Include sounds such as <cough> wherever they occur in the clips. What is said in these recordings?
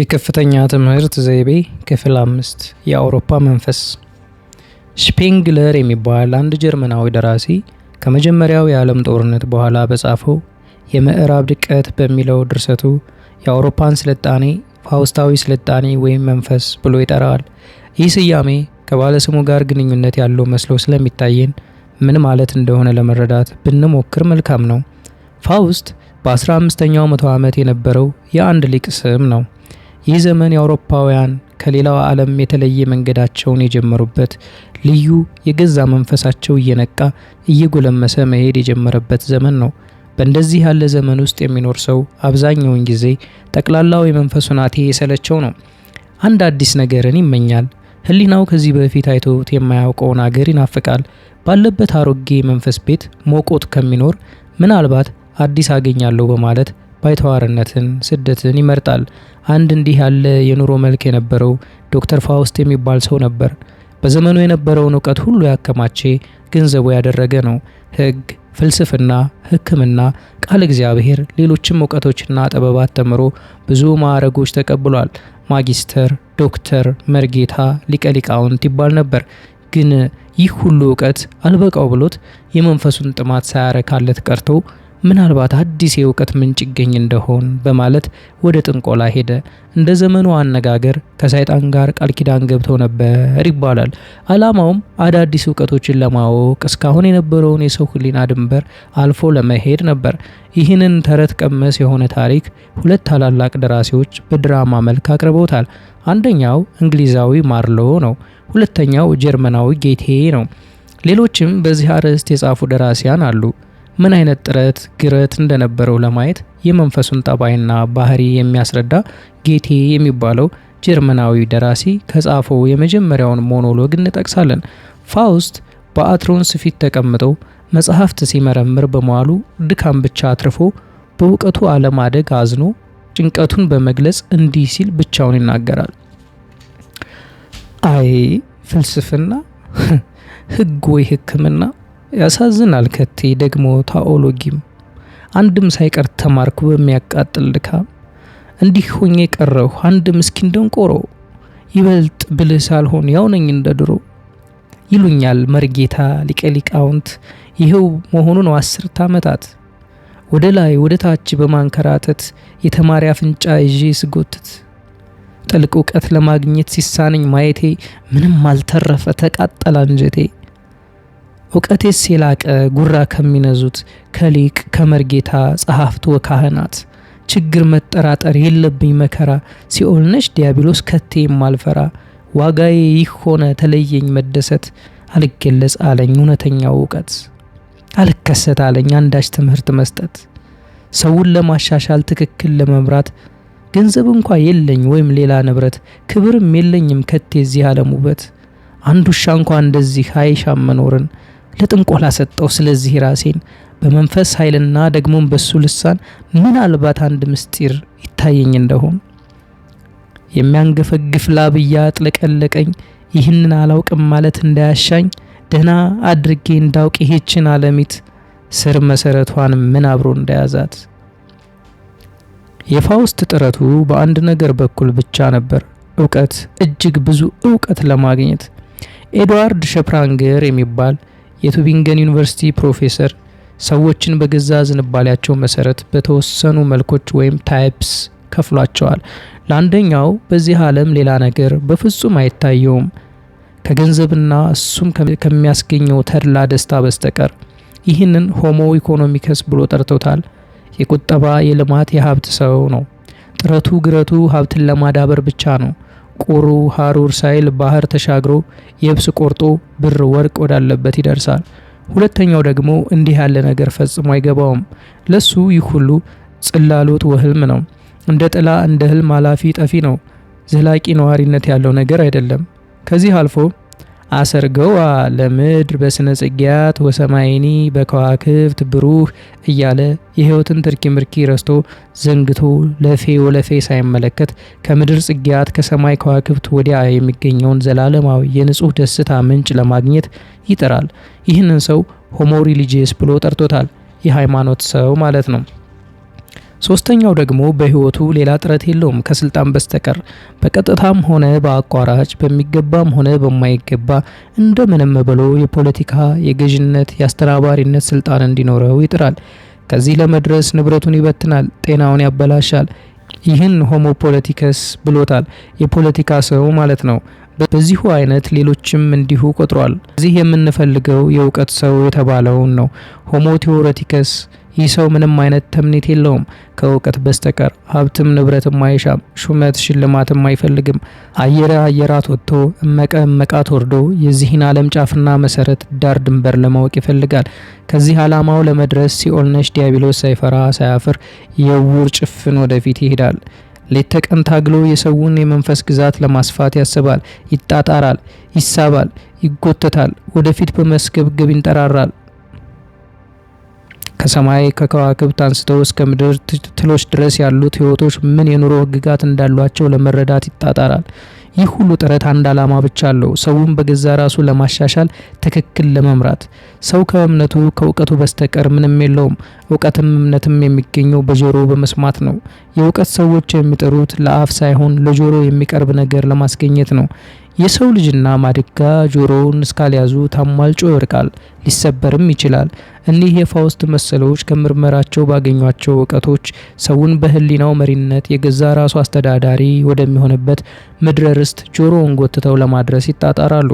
የከፍተኛ ትምህርት ዘይቤ ክፍል አምስት የአውሮፓ መንፈስ። ሽፔንግለር የሚባል አንድ ጀርመናዊ ደራሲ ከመጀመሪያው የዓለም ጦርነት በኋላ በጻፈው የምዕራብ ድቀት በሚለው ድርሰቱ የአውሮፓን ስልጣኔ ፋውስታዊ ስልጣኔ ወይም መንፈስ ብሎ ይጠራዋል። ይህ ስያሜ ከባለስሙ ጋር ግንኙነት ያለው መስሎ ስለሚታየን ምን ማለት እንደሆነ ለመረዳት ብንሞክር መልካም ነው። ፋውስት በ15ኛው መቶ ዓመት የነበረው የአንድ ሊቅ ስም ነው። ይህ ዘመን የአውሮፓውያን ከሌላው ዓለም የተለየ መንገዳቸውን የጀመሩበት ልዩ የገዛ መንፈሳቸው እየነቃ እየጎለመሰ መሄድ የጀመረበት ዘመን ነው። በእንደዚህ ያለ ዘመን ውስጥ የሚኖር ሰው አብዛኛውን ጊዜ ጠቅላላው የመንፈስ ሁናቴ የሰለቸው ነው። አንድ አዲስ ነገርን ይመኛል። ህሊናው ከዚህ በፊት አይቶት የማያውቀውን አገር ይናፍቃል። ባለበት አሮጌ መንፈስ ቤት ሞቆት ከሚኖር ምናልባት አዲስ አገኛለሁ በማለት ባይተዋርነትን፣ ስደትን ይመርጣል። አንድ እንዲህ ያለ የኑሮ መልክ የነበረው ዶክተር ፋውስት የሚባል ሰው ነበር። በዘመኑ የነበረውን እውቀት ሁሉ ያከማቼ ገንዘቡ ያደረገ ነው። ህግ፣ ፍልስፍና፣ ሕክምና፣ ቃል እግዚአብሔር፣ ሌሎችም እውቀቶችና ጥበባት ተምሮ ብዙ ማዕረጎች ተቀብሏል። ማጊስተር፣ ዶክተር፣ መርጌታ፣ ሊቀሊቃውንት ይባል ነበር። ግን ይህ ሁሉ እውቀት አልበቃው ብሎት የመንፈሱን ጥማት ሳያረካለት ቀርቶ ምናልባት አዲስ የእውቀት ምንጭ ይገኝ እንደሆን በማለት ወደ ጥንቆላ ሄደ። እንደ ዘመኑ አነጋገር ከሰይጣን ጋር ቃል ኪዳን ገብተው ነበር ይባላል። ዓላማውም አዳዲስ እውቀቶችን ለማወቅ እስካሁን የነበረውን የሰው ሕሊና ድንበር አልፎ ለመሄድ ነበር። ይህንን ተረት ቀመስ የሆነ ታሪክ ሁለት ታላላቅ ደራሲዎች በድራማ መልክ አቅርበውታል። አንደኛው እንግሊዛዊ ማርሎ ነው። ሁለተኛው ጀርመናዊ ጌቴ ነው። ሌሎችም በዚህ አርዕስት የጻፉ ደራሲያን አሉ። ምን አይነት ጥረት ግረት እንደነበረው ለማየት የመንፈሱን ጠባይና ባህሪ የሚያስረዳ ጌቴ የሚባለው ጀርመናዊ ደራሲ ከጻፈው የመጀመሪያውን ሞኖሎግ እንጠቅሳለን። ፋውስት በአትሮንስ ፊት ተቀምጠው መጽሐፍት ሲመረምር በመዋሉ ድካም ብቻ አትርፎ በእውቀቱ አለማደግ አዝኖ ጭንቀቱን በመግለጽ እንዲህ ሲል ብቻውን ይናገራል። አይ ፍልስፍና፣ <laughs> ህግ ወይ ሕክምና ያሳዝናል። ከቴ ደግሞ ታኦሎጊም አንድም ሳይቀር ተማርኩ በሚያቃጥል ድካም። እንዲህ ሆኜ ቀረሁ አንድ ምስኪን ደንቆሮ፣ ይበልጥ ብልህ ሳልሆን ያው ነኝ እንደ ድሮ። ይሉኛል መርጌታ ሊቀ ሊቃውንት፣ ይኸው መሆኑ ነው አስርት ዓመታት ወደ ላይ ወደ ታች በማንከራተት የተማሪ አፍንጫ ይዤ ስጎትት ጥልቅ እውቀት ለማግኘት ሲሳነኝ ማየቴ ምንም አልተረፈ ተቃጠለ አንጀቴ። እውቀቴስ የላቀ ጉራ ከሚነዙት ከሊቅ ከመርጌታ ጸሐፍት ወካህናት ችግር መጠራጠር የለብኝ መከራ ሲኦል ነች ዲያብሎስ ከቴ የማልፈራ ዋጋዬ ይህ ሆነ ተለየኝ መደሰት አልገለጽ አለኝ እውነተኛው እውቀት አልከሰት አለኝ አንዳች ትምህርት መስጠት ሰውን ለማሻሻል ትክክል ለመምራት ገንዘብ እንኳ የለኝ ወይም ሌላ ንብረት ክብርም የለኝም ከቴ የዚህ አለሙበት ውበት አንድ እንኳ እንደዚህ አይሻም መኖርን ለጥንቆላ ሰጠው። ስለዚህ ራሴን በመንፈስ ኃይልና ደግሞም በሱ ልሳን ምናልባት አንድ ምስጢር ይታየኝ እንደሆን የሚያንገፈግፍ ላብ እያጥለቀለቀኝ ይህንን አላውቅም ማለት እንዳያሻኝ ደህና አድርጌ እንዳውቅ ይሄችን አለሚት ስር መሰረቷን ምን አብሮ እንደያዛት። የፋውስት ጥረቱ በአንድ ነገር በኩል ብቻ ነበር፣ እውቀት፣ እጅግ ብዙ እውቀት ለማግኘት ኤድዋርድ ሸፕራንገር የሚባል የቱቢንገን ዩኒቨርሲቲ ፕሮፌሰር ሰዎችን በገዛ ዝንባሌያቸው መሰረት በተወሰኑ መልኮች ወይም ታይፕስ ከፍሏቸዋል። ለአንደኛው በዚህ ዓለም ሌላ ነገር በፍጹም አይታየውም ከገንዘብና እሱም ከሚያስገኘው ተድላ ደስታ በስተቀር። ይህንን ሆሞ ኢኮኖሚከስ ብሎ ጠርቶታል። የቁጠባ የልማት የሀብት ሰው ነው። ጥረቱ ግረቱ ሀብትን ለማዳበር ብቻ ነው። ቁሩ ሀሩር ሳይል ባህር ተሻግሮ የብስ ቆርጦ ብር ወርቅ ወዳለበት ይደርሳል። ሁለተኛው ደግሞ እንዲህ ያለ ነገር ፈጽሞ አይገባውም። ለሱ ይህ ሁሉ ጽላሎት ወህልም ነው። እንደ ጥላ እንደ ህልም አላፊ ጠፊ ነው። ዘላቂ ነዋሪነት ያለው ነገር አይደለም። ከዚህ አልፎ አሰርገዋ ለምድር በስነ ጽጌያት ወሰማይኒ በከዋክብት ብሩህ እያለ የህይወትን ትርኪ ምርኪ ረስቶ ዘንግቶ ለፌ ወለፌ ሳይመለከት ከምድር ጽጌያት ከሰማይ ከዋክብት ወዲያ የሚገኘውን ዘላለማዊ የንጹህ ደስታ ምንጭ ለማግኘት ይጥራል። ይህንን ሰው ሆሞ ሪሊጂየስ ብሎ ጠርቶታል። የሃይማኖት ሰው ማለት ነው። ሶስተኛው ደግሞ በህይወቱ ሌላ ጥረት የለውም ከስልጣን በስተቀር በቀጥታም ሆነ በአቋራጭ በሚገባም ሆነ በማይገባ እንደምንም ብሎ የፖለቲካ የገዥነት የአስተናባሪነት ስልጣን እንዲኖረው ይጥራል። ከዚህ ለመድረስ ንብረቱን ይበትናል፣ ጤናውን ያበላሻል። ይህን ሆሞ ፖለቲከስ ብሎታል። የፖለቲካ ሰው ማለት ነው። በዚሁ አይነት ሌሎችም እንዲሁ ቆጥሯል። እዚህ የምንፈልገው የእውቀት ሰው የተባለውን ነው። ሆሞ ቴዎሬቲከስ ይህ ሰው ምንም አይነት ተምኔት የለውም ከእውቀት በስተቀር ሀብትም ንብረትም አይሻም፣ ሹመት ሽልማትም አይፈልግም። አየረ አየራት ወጥቶ እመቀ እመቃት ወርዶ የዚህን ዓለም ጫፍና መሰረት ዳር ድንበር ለማወቅ ይፈልጋል። ከዚህ ዓላማው ለመድረስ ሲኦልነሽ ዲያብሎስ ሳይፈራ ሳያፍር የውር ጭፍን ወደፊት ይሄዳል። ሌት ተቀን ታግሎ የሰውን የመንፈስ ግዛት ለማስፋት ያስባል፣ ይጣጣራል፣ ይሳባል፣ ይጎተታል፣ ወደፊት በመስገብገብ ይንጠራራል። ከሰማይ ከከዋክብት አንስተው እስከ ምድር ትሎች ድረስ ያሉት ህይወቶች ምን የኑሮ ህግጋት እንዳሏቸው ለመረዳት ይጣጣራል። ይህ ሁሉ ጥረት አንድ ዓላማ ብቻ አለው፣ ሰውን በገዛ ራሱ ለማሻሻል፣ ትክክል ለመምራት። ሰው ከእምነቱ ከእውቀቱ በስተቀር ምንም የለውም። እውቀትም እምነትም የሚገኘው በጆሮ በመስማት ነው። የእውቀት ሰዎች የሚጥሩት ለአፍ ሳይሆን ለጆሮ የሚቀርብ ነገር ለማስገኘት ነው። የሰው ልጅና ማድጋ ጆሮውን እስካልያዙ ታማልጮ ይወድቃል፣ ሊሰበርም ይችላል። እኒህ የፋውስት መሰሎች ከምርመራቸው ባገኟቸው እውቀቶች ሰውን በህሊናው መሪነት የገዛ ራሱ አስተዳዳሪ ወደሚሆንበት ምድረ ርስት ጆሮውን ጎትተው ለማድረስ ይጣጣራሉ።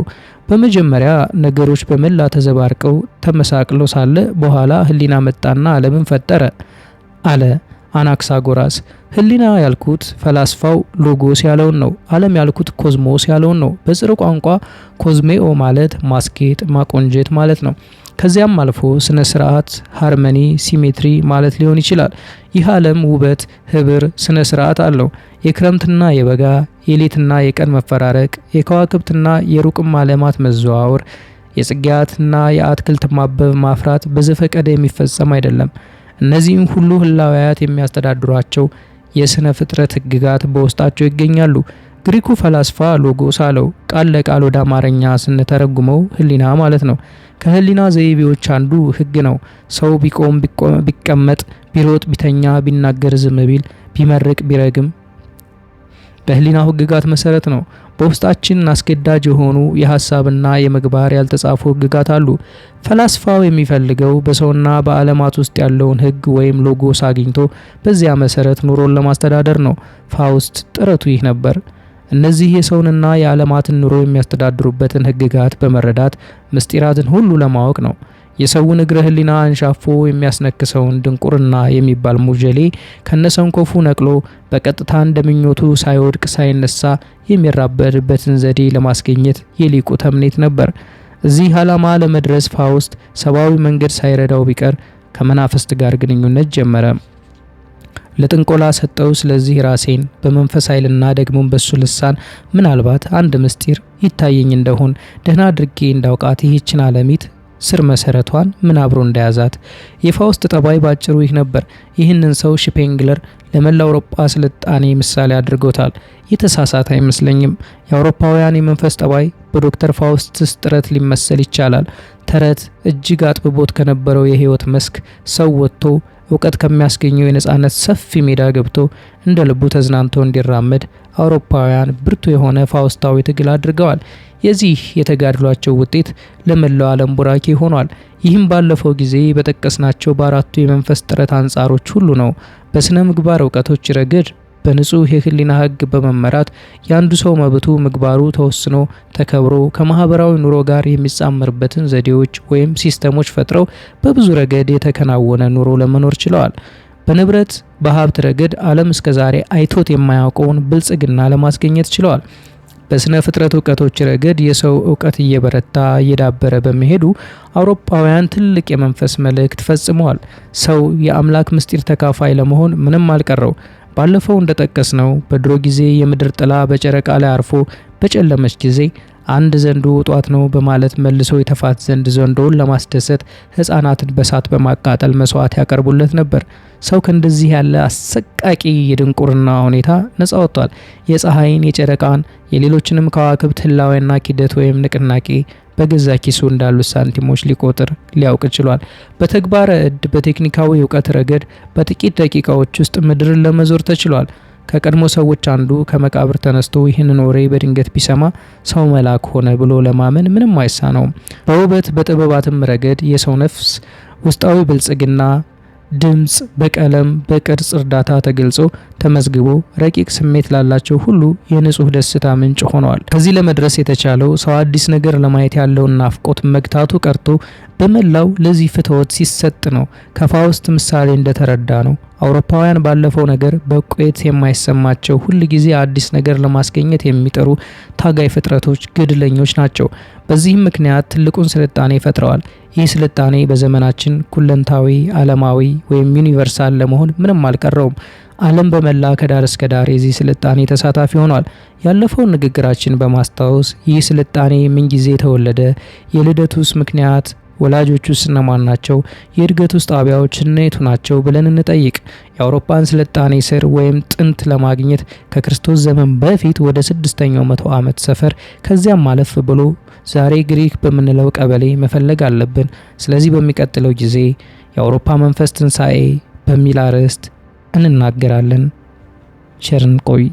በመጀመሪያ ነገሮች በመላ ተዘባርቀው ተመሳቅለው ሳለ በኋላ ህሊና መጣና ዓለምን ፈጠረ አለ አናክሳጎራስ። ህሊና ያልኩት ፈላስፋው ሎጎስ ያለውን ነው። ዓለም ያልኩት ኮዝሞስ ያለውን ነው። በጽር ቋንቋ ኮዝሜኦ ማለት ማስጌጥ፣ ማቆንጀት ማለት ነው። ከዚያም አልፎ ስነ ስርዓት፣ ሃርመኒ፣ ሲሜትሪ ማለት ሊሆን ይችላል። ይህ ዓለም ውበት፣ ህብር፣ ስነ ስርዓት አለው። የክረምትና የበጋ የሌትና የቀን መፈራረቅ፣ የከዋክብትና የሩቅም ዓለማት መዘዋወር፣ የጽጌያትና የአትክልት ማበብ ማፍራት በዘፈቀደ የሚፈጸም አይደለም። እነዚህም ሁሉ ህላውያት የሚያስተዳድሯቸው የሥነ ፍጥረት ሕግጋት በውስጣቸው ይገኛሉ። ግሪኩ ፈላስፋ ሎጎስ አለው። ቃል ለቃል ወደ አማርኛ ስንተረጉመው ህሊና ማለት ነው። ከህሊና ዘይቤዎች አንዱ ህግ ነው። ሰው ቢቆም ቢቀመጥ፣ ቢሮጥ፣ ቢተኛ፣ ቢናገር፣ ዝም ቢል፣ ቢመርቅ፣ ቢረግም በህሊናው ህግጋት መሰረት ነው። በውስጣችን አስገዳጅ የሆኑ የሀሳብና የምግባር ያልተጻፉ ህግጋት አሉ። ፈላስፋው የሚፈልገው በሰውና በዓለማት ውስጥ ያለውን ህግ ወይም ሎጎስ አግኝቶ በዚያ መሰረት ኑሮን ለማስተዳደር ነው። ፋውስት ጥረቱ ይህ ነበር። እነዚህ የሰውንና የዓለማትን ኑሮ የሚያስተዳድሩበትን ህግጋት በመረዳት ምስጢራትን ሁሉ ለማወቅ ነው። የሰውን እግረ ህሊና አንሻፎ የሚያስነክሰውን ድንቁርና የሚባል ሙጀሌ ከነሰንኮፉ ነቅሎ በቀጥታ እንደምኞቱ ሳይወድቅ ሳይነሳ የሚራበድበትን ዘዴ ለማስገኘት የሊቁ ተምኔት ነበር። እዚህ ዓላማ ለመድረስ ፋውስት ሰብአዊ መንገድ ሳይረዳው ቢቀር ከመናፍስት ጋር ግንኙነት ጀመረ። ለጥንቆላ ሰጠው። ስለዚህ ራሴን በመንፈስ ኃይልና ደግሞ በሱ ልሳን ምናልባት አንድ ምስጢር ይታየኝ እንደሆን ደህና አድርጌ እንዳውቃት ይህችን አለሚት ስር መሰረቷን ምን አብሮ እንደያዛት። የፋውስት ጠባይ ባጭሩ ይህ ነበር። ይህንን ሰው ሽፔንግለር ለመላ አውሮፓ ስልጣኔ ምሳሌ አድርጎታል። የተሳሳተ አይመስለኝም። የአውሮፓውያን የመንፈስ ጠባይ በዶክተር ፋውስትስ ጥረት ሊመሰል ይቻላል። ተረት እጅግ አጥብቦት ከነበረው የህይወት መስክ ሰው ወጥቶ እውቀት ከሚያስገኘው የነጻነት ሰፊ ሜዳ ገብቶ እንደ ልቡ ተዝናንቶ እንዲራመድ አውሮፓውያን ብርቱ የሆነ ፋውስታዊ ትግል አድርገዋል። የዚህ የተጋድሏቸው ውጤት ለመላው ዓለም ቡራኬ ሆኗል። ይህም ባለፈው ጊዜ በጠቀስናቸው በአራቱ የመንፈስ ጥረት አንጻሮች ሁሉ ነው። በስነ ምግባር እውቀቶች ረገድ በንጹህ የህሊና ህግ በመመራት የአንዱ ሰው መብቱ ምግባሩ ተወስኖ ተከብሮ ከማህበራዊ ኑሮ ጋር የሚጻመርበትን ዘዴዎች ወይም ሲስተሞች ፈጥረው በብዙ ረገድ የተከናወነ ኑሮ ለመኖር ችለዋል። በንብረት በሀብት ረገድ ዓለም እስከዛሬ አይቶት የማያውቀውን ብልጽግና ለማስገኘት ችለዋል። በስነ ፍጥረት እውቀቶች ረገድ የሰው እውቀት እየበረታ እየዳበረ በመሄዱ አውሮፓውያን ትልቅ የመንፈስ መልእክት ፈጽመዋል። ሰው የአምላክ ምስጢር ተካፋይ ለመሆን ምንም አልቀረው። ባለፈው እንደጠቀስ ነው በድሮ ጊዜ የምድር ጥላ በጨረቃ ላይ አርፎ በጨለመች ጊዜ አንድ ዘንዶ ጧት ነው በማለት መልሶ የተፋት ዘንድ ዘንዶውን ለማስደሰት ህፃናትን በሳት በማቃጠል መስዋዕት ያቀርቡለት ነበር። ሰው ከእንደዚህ ያለ አሰቃቂ የድንቁርና ሁኔታ ነጻ ወጥቷል። የፀሐይን፣ የጨረቃን፣ የሌሎችንም ከዋክብት ህላዊና ኪደት ወይም ንቅናቄ በገዛ ኪሱ እንዳሉት ሳንቲሞች ሊቆጥር ሊያውቅ ችሏል። በተግባረ እድ በቴክኒካዊ እውቀት ረገድ በጥቂት ደቂቃዎች ውስጥ ምድርን ለመዞር ተችሏል። ከቀድሞ ሰዎች አንዱ ከመቃብር ተነስቶ ይህንን ወሬ በድንገት ቢሰማ ሰው መልአክ ሆነ ብሎ ለማመን ምንም አይሳ ነውም። በውበት በጥበባትም ረገድ የሰው ነፍስ ውስጣዊ ብልጽግና ድምፅ በቀለም በቅርጽ እርዳታ ተገልጾ ተመዝግቦ ረቂቅ ስሜት ላላቸው ሁሉ የንጹህ ደስታ ምንጭ ሆነዋል። ከዚህ ለመድረስ የተቻለው ሰው አዲስ ነገር ለማየት ያለውን ናፍቆት መግታቱ ቀርቶ በመላው ለዚህ ፍትወት ሲሰጥ ነው። ከፋውስት ምሳሌ እንደተረዳ ነው አውሮፓውያን ባለፈው ነገር በቆየት የማይሰማቸው ሁል ጊዜ አዲስ ነገር ለማስገኘት የሚጠሩ ታጋይ ፍጥረቶች፣ ግድለኞች ናቸው። በዚህም ምክንያት ትልቁን ስልጣኔ ፈጥረዋል። ይህ ስልጣኔ በዘመናችን ኩለንታዊ ዓለማዊ ወይም ዩኒቨርሳል ለመሆን ምንም አልቀረውም። ዓለም በመላ ከዳር እስከ ዳር የዚህ ስልጣኔ ተሳታፊ ሆኗል። ያለፈውን ንግግራችን በማስታወስ ይህ ስልጣኔ ምን ጊዜ ተወለደ? የልደቱስ ምክንያት ወላጆቹስ እነማን ናቸው? የእድገቱስ ጣቢያዎች እነየቱ ናቸው ብለን እንጠይቅ። የአውሮፓን ስልጣኔ ስር ወይም ጥንት ለማግኘት ከክርስቶስ ዘመን በፊት ወደ ስድስተኛው መቶ ዓመት ሰፈር ከዚያም ማለፍ ብሎ ዛሬ ግሪክ በምንለው ቀበሌ መፈለግ አለብን። ስለዚህ በሚቀጥለው ጊዜ የአውሮፓ መንፈስ ትንሣኤ በሚል አርዕስት እንናገራለን። ቸርን ቆይ